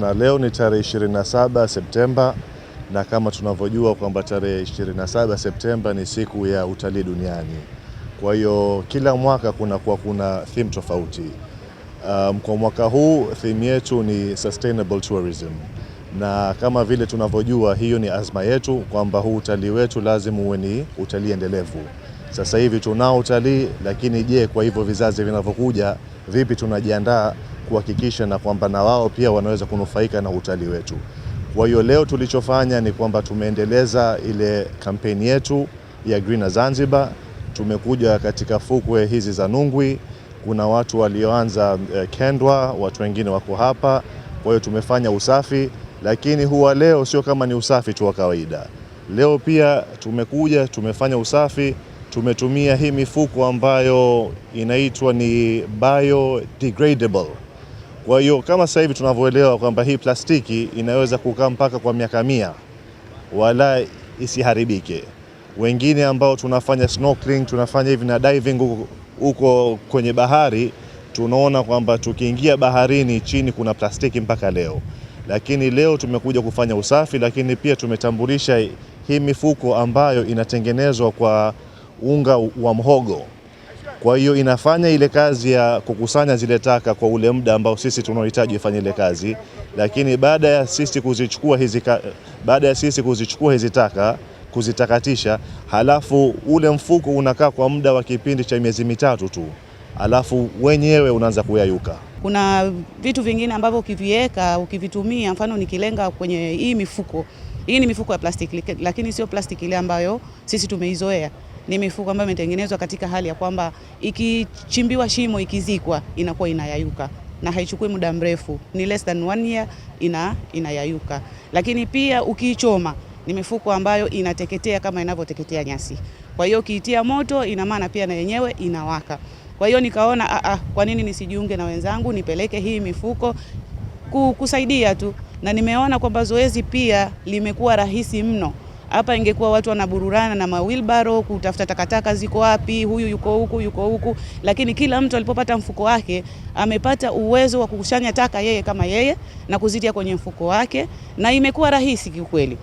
Na leo ni tarehe 27 Septemba na kama tunavyojua kwamba tarehe 27 Septemba ni siku ya utalii duniani. Kwa hiyo kila mwaka kuwa kuna theme tofauti. Um, kwa mwaka huu theme yetu ni sustainable tourism, na kama vile tunavyojua hiyo ni azma yetu kwamba huu utalii wetu lazima uwe ni utalii endelevu. Sasa hivi tunao utalii, lakini je, kwa hivyo vizazi vinavyokuja vipi tunajiandaa kuhakikisha na kwamba na wao pia wanaweza kunufaika na utalii wetu. Kwa hiyo leo tulichofanya ni kwamba tumeendeleza ile kampeni yetu ya Greener Zanzibar. Tumekuja katika fukwe hizi za Nungwi, kuna watu walioanza eh, Kendwa, watu wengine wako hapa. Kwa hiyo tumefanya usafi, lakini huwa leo sio kama ni usafi tu wa kawaida. Leo pia tumekuja tumefanya usafi, tumetumia hii mifuko ambayo inaitwa ni biodegradable kwa hiyo kama sasa hivi tunavyoelewa kwamba hii plastiki inaweza kukaa mpaka kwa miaka mia wala isiharibike. Wengine ambao tunafanya snorkeling, tunafanya hivi na diving huko kwenye bahari, tunaona kwamba tukiingia baharini chini kuna plastiki mpaka leo. Lakini leo tumekuja kufanya usafi, lakini pia tumetambulisha hii mifuko ambayo inatengenezwa kwa unga wa mhogo. Kwa hiyo inafanya ile kazi ya kukusanya zile taka kwa ule muda ambao sisi tunaohitaji ifanye ile kazi, lakini baada ya sisi kuzichukua hizi, baada ya sisi kuzichukua hizi taka kuzitakatisha, halafu ule mfuko unakaa kwa muda wa kipindi cha miezi mitatu tu, halafu wenyewe unaanza kuyayuka. Kuna vitu vingine ambavyo ukiviweka ukivitumia, mfano nikilenga kwenye hii mifuko, hii ni mifuko ya plastiki, lakini sio plastiki ile ambayo sisi tumeizoea ni mifuko ambayo imetengenezwa katika hali ya kwamba ikichimbiwa shimo, ikizikwa, inakuwa inayayuka na haichukui muda mrefu, ni less than one year ina, inayayuka. Lakini pia ukiichoma, ni mifuko ambayo inateketea kama inavyoteketea nyasi, kwa hiyo ukiitia moto, ina maana pia na yenyewe inawaka. Kwa hiyo nikaona a ah, a, ah, kwa nini nisijiunge na wenzangu nipeleke hii mifuko kusaidia tu, na nimeona kwamba zoezi pia limekuwa rahisi mno. Hapa ingekuwa watu wanabururana na mawilbaro kutafuta takataka ziko wapi, huyu yuko huku, yuko huku, lakini kila mtu alipopata mfuko wake amepata uwezo wa kukusanya taka yeye kama yeye na kuzitia kwenye mfuko wake, na imekuwa rahisi kiukweli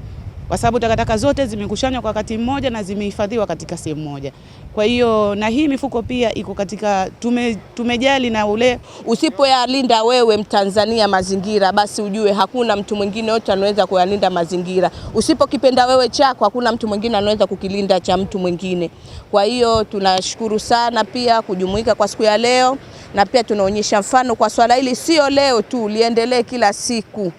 kwa sababu takataka zote zimekushanywa kwa wakati mmoja na zimehifadhiwa katika sehemu moja. Kwa hiyo na hii mifuko pia iko katika tume, tumejali na ule usipoyalinda wewe Mtanzania mazingira, basi ujue hakuna mtu mwingine yote anaweza kuyalinda mazingira. Usipokipenda wewe chako, hakuna mtu mwingine anaweza kukilinda cha mtu mwingine. Kwa hiyo tunashukuru sana pia kujumuika kwa siku ya leo, na pia tunaonyesha mfano kwa swala hili, sio leo tu, liendelee kila siku.